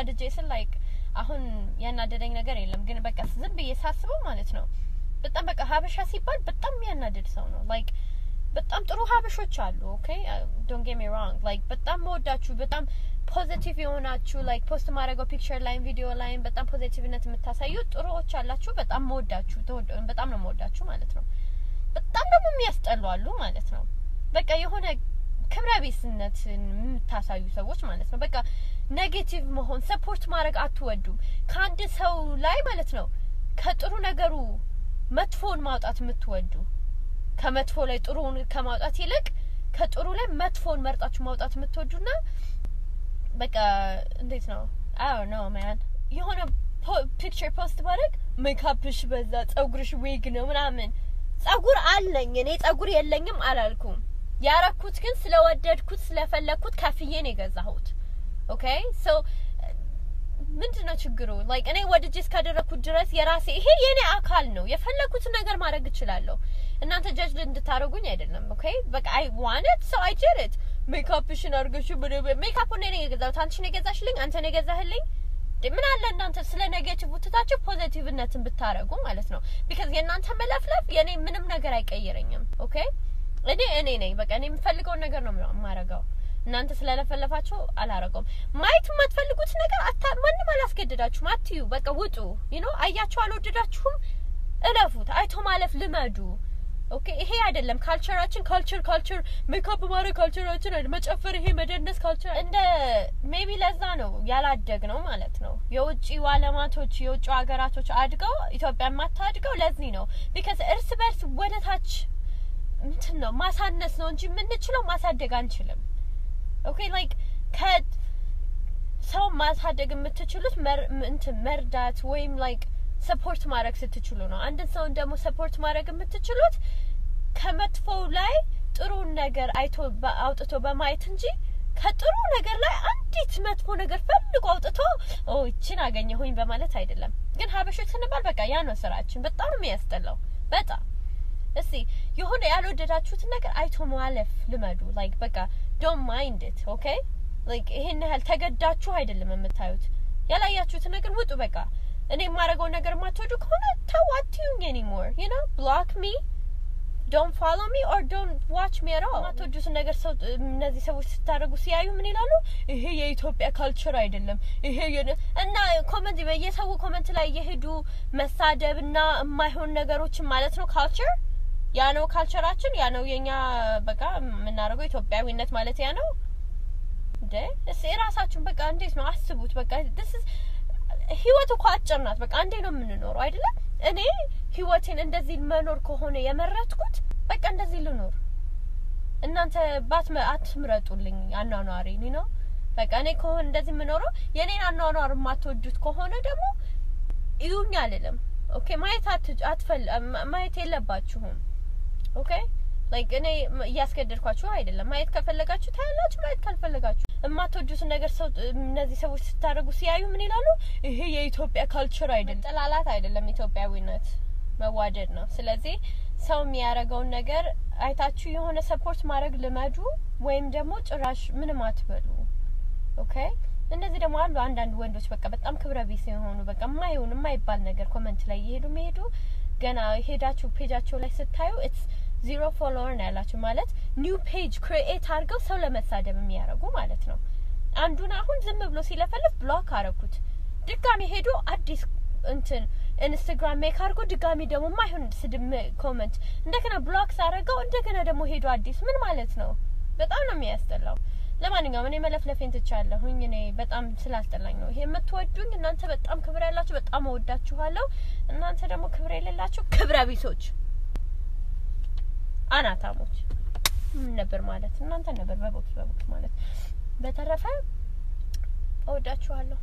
ተናድጄ ስል ላይክ አሁን ያናደደኝ ነገር የለም፣ ግን በቃ ዝም ብዬ ሳስበው ማለት ነው በጣም በቃ ሀበሻ ሲባል በጣም የሚያናድድ ሰው ነው። ላይክ በጣም ጥሩ ሀበሾች አሉ። ኦኬ ዶንት ጌት ሚ ሮንግ ላይክ በጣም መወዳችሁ በጣም ፖዚቲቭ የሆናችሁ ላይክ ፖስት ማድረገው ፒክቸር ላይም ቪዲዮ ላይም በጣም ፖዚቲቭነት የምታሳዩ ጥሩዎች አላችሁ። በጣም መወዳችሁ በጣም ነው መወዳችሁ ማለት ነው። በጣም ደግሞ የሚያስጠሉ አሉ ማለት ነው። በቃ የሆነ ክብረ ቢስነትን የምታሳዩ ሰዎች ማለት ነው። በቃ ኔጌቲቭ መሆን ሰፖርት ማድረግ አትወዱም። ከአንድ ሰው ላይ ማለት ነው ከጥሩ ነገሩ መጥፎውን ማውጣት የምትወዱ ከመጥፎ ላይ ጥሩውን ከማውጣት ይልቅ ከጥሩ ላይ መጥፎውን መርጣችሁ ማውጣት የምትወዱና በቃ እንዴት ነው አዎ ነው ማን የሆነ ፒክቸር ፖስት ማድረግ ሜካፕሽ በዛ፣ ጸጉርሽ ዊግ ነው ምናምን። ጸጉር አለኝ እኔ ጸጉር የለኝም አላልኩም። ያረኩት ግን ስለወደድኩት ስለፈለግኩት ከፍዬ ነው የገዛሁት። ኦኬ ሶ ምንድን ነው ችግሩ? ላይክ እኔ ወድጄ እስካደረግኩት ድረስ የራሴ ይሄ የኔ አካል ነው። የፈለግኩትን ነገር ማድረግ እችላለሁ። እናንተ ጀጅ እንድታደርጉኝ አይደለም። ኦኬ በቃ አይ ዋንት ሶ አይ ዲድ ኢት። ሜካፕሽን አድርገሽ ሜካፕ እኔ ነው የገዛሁት። አንቺ ነው የገዛሽልኝ፣ አንተ ነው የገዛህልኝ። ምን አለ እናንተ ስለ ኔጌቲቭ ትታችሁ ፖዚቲቭነትን ብታረጉ ማለት ነው። ቢካዝ የእናንተ መለፍለፍ የኔ ምንም ነገር አይቀይረኝም። ኦኬ እኔ እኔ ነኝ። በቃ እኔ የምፈልገውን ነገር ነው የማረገው። እናንተ ስለለፈለፋቸው አላረገውም። ማየት የማትፈልጉት ነገር አታ ማንም አላስገድዳችሁም። አትዩ፣ በቃ ውጡ። ዩ ነው አያችሁ፣ አልወደዳችሁም፣ እለፉት። አይቶ ማለፍ ልመዱ። ኦኬ፣ ይሄ አይደለም ካልቸራችን። ካልቸር ካልቸር፣ ሜካፕ ማድረግ ካልቸራችን፣ መጨፈር፣ ይሄ መደነስ ካልቸር። እንደ ሜቢ ለዛ ነው ያላደግ ነው ማለት ነው። የውጭ አለማቶች የውጭ ሀገራቶች አድገው ኢትዮጵያ የማታድገው ለዚህ ነው። ቢካዝ እርስ በርስ ወደ ታች እንትን ነው ማሳነስ ነው እንጂ የምንችለው ማሳደግ አንችልም። ኦኬ ላይክ ከ ሰው ማሳደግ የምትችሉት እንትን መርዳት ወይም ላይክ ሰፖርት ማድረግ ስትችሉ ነው። አንድን ሰውን ደግሞ ሰፖርት ማድረግ የምትችሉት ከመጥፎው ላይ ጥሩን ነገር አይቶ አውጥቶ በማየት እንጂ ከጥሩ ነገር ላይ አንዲት መጥፎ ነገር ፈልጎ አውጥቶ ኦ ይችን አገኘሁኝ በማለት አይደለም። ግን ሀበሾች ስንባል በቃ ያ ነው ስራችን። በጣም የሚያስጠላው በጣም እስቲ የሆነ ያልወደዳችሁትን ነገር አይቶ ማለፍ ልመዱ። ላይክ በቃ ዶንት ማይንድ ኢት ኦኬ። ላይክ ይሄን ያህል ተገዳችሁ አይደለም የምታዩት። ያላያችሁትን ነገር ውጡ። በቃ እኔ የማደርገው ነገር የማትወዱ ከሆነ ተው፣ አትዩኝ ኤኒሞር ዩ ኖ ብሎክ ሚ ዶንት ፎሎ ሚ ኦር ዶንት ዋች ሚ አት ኦል። የማትወዱትን ነገር ሰው እነዚህ ሰዎች ስታደርጉ ሲያዩ ምን ይላሉ? ይሄ የኢትዮጵያ ካልቸር አይደለም ይሄ እና ኮመንት የሰው ኮመንት ላይ የሄዱ መሳደብና የማይሆን ነገሮችን ማለት ነው ካልቸር ያ ነው ካልቸራችን፣ ያ ነው የኛ በቃ የምናደርገው ኢትዮጵያዊነት ማለት ያ ነው። እንዴ? እስ የራሳችን በቃ እንዴት ነው አስቡት። በቃ ስ ህይወት እኮ አጭር ናት። በቃ እንዴ ነው የምንኖረው አይደለም። እኔ ህይወቴን እንደዚህ መኖር ከሆነ የመረጥኩት በቃ እንደዚህ ልኖር። እናንተ ባት አትምረጡልኝ አኗኗሪ ነው በቃ እኔ ከሆነ እንደዚህ የምኖረው የኔ አኗኗር የማትወዱት ከሆነ ደግሞ እዩኝ አልልም። ኦኬ ማየት አትፈል ማየት የለባችሁም። ኦኬ ላይክ እኔ እያስገደድኳችሁ አይደለም። ማየት ከፈለጋችሁ ታያላችሁ፣ ማየት ካልፈለጋችሁ የማትወዱትን ነገር ሰው እነዚህ ሰዎች ስታደርጉ ሲያዩ ምን ይላሉ? ይሄ የኢትዮጵያ ካልቸር አይደለም፣ ጥላላት አይደለም፣ ኢትዮጵያዊነት መዋደድ ነው። ስለዚህ ሰው የሚያደርገውን ነገር አይታችሁ የሆነ ሰፖርት ማድረግ ልመዱ፣ ወይም ደግሞ ጭራሽ ምንም አትበሉ። ኦኬ እነዚህ ደግሞ አሉ አንዳንድ ወንዶች በቃ በጣም ክብረ ቢስ የሆኑ በቃ የማይሆን የማይባል ነገር ኮመንት ላይ እየሄዱ መሄዱ ገና ሄዳችሁ ፔጃቸው ላይ ስታዩ ዚሮ ፎሎወር ነው ያላችሁ ማለት ኒው ፔጅ ክሪኤት አድርገው ሰው ለመሳደብ የሚያደርጉ ማለት ነው። አንዱን አሁን ዝም ብሎ ሲለፈልፍ ብሎክ አረኩት። ድጋሚ ሄዶ አዲስ እንትን ኢንስታግራም ሜክ አድርጎ ድጋሚ ደግሞ ማይሆን ስድም ኮመንት እንደገና ብሎክ ሳረገው እንደገና ደግሞ ሄዶ አዲስ ምን ማለት ነው? በጣም ነው የሚያስጠላው። ለማንኛውም እኔ መለፍለፌን ትቻለሁኝ። እኔ በጣም ስላስጠላኝ ነው። ይሄ የምትወዱኝ እናንተ በጣም ክብር ያላችሁ በጣም እወዳችኋለሁ። እናንተ ደግሞ ክብር የሌላችሁ ክብረ ቢሶች አናታሞች ነበር ማለት እናንተ ነበር በቦክስ በቦክስ ማለት። በተረፈ እወዳችኋለሁ።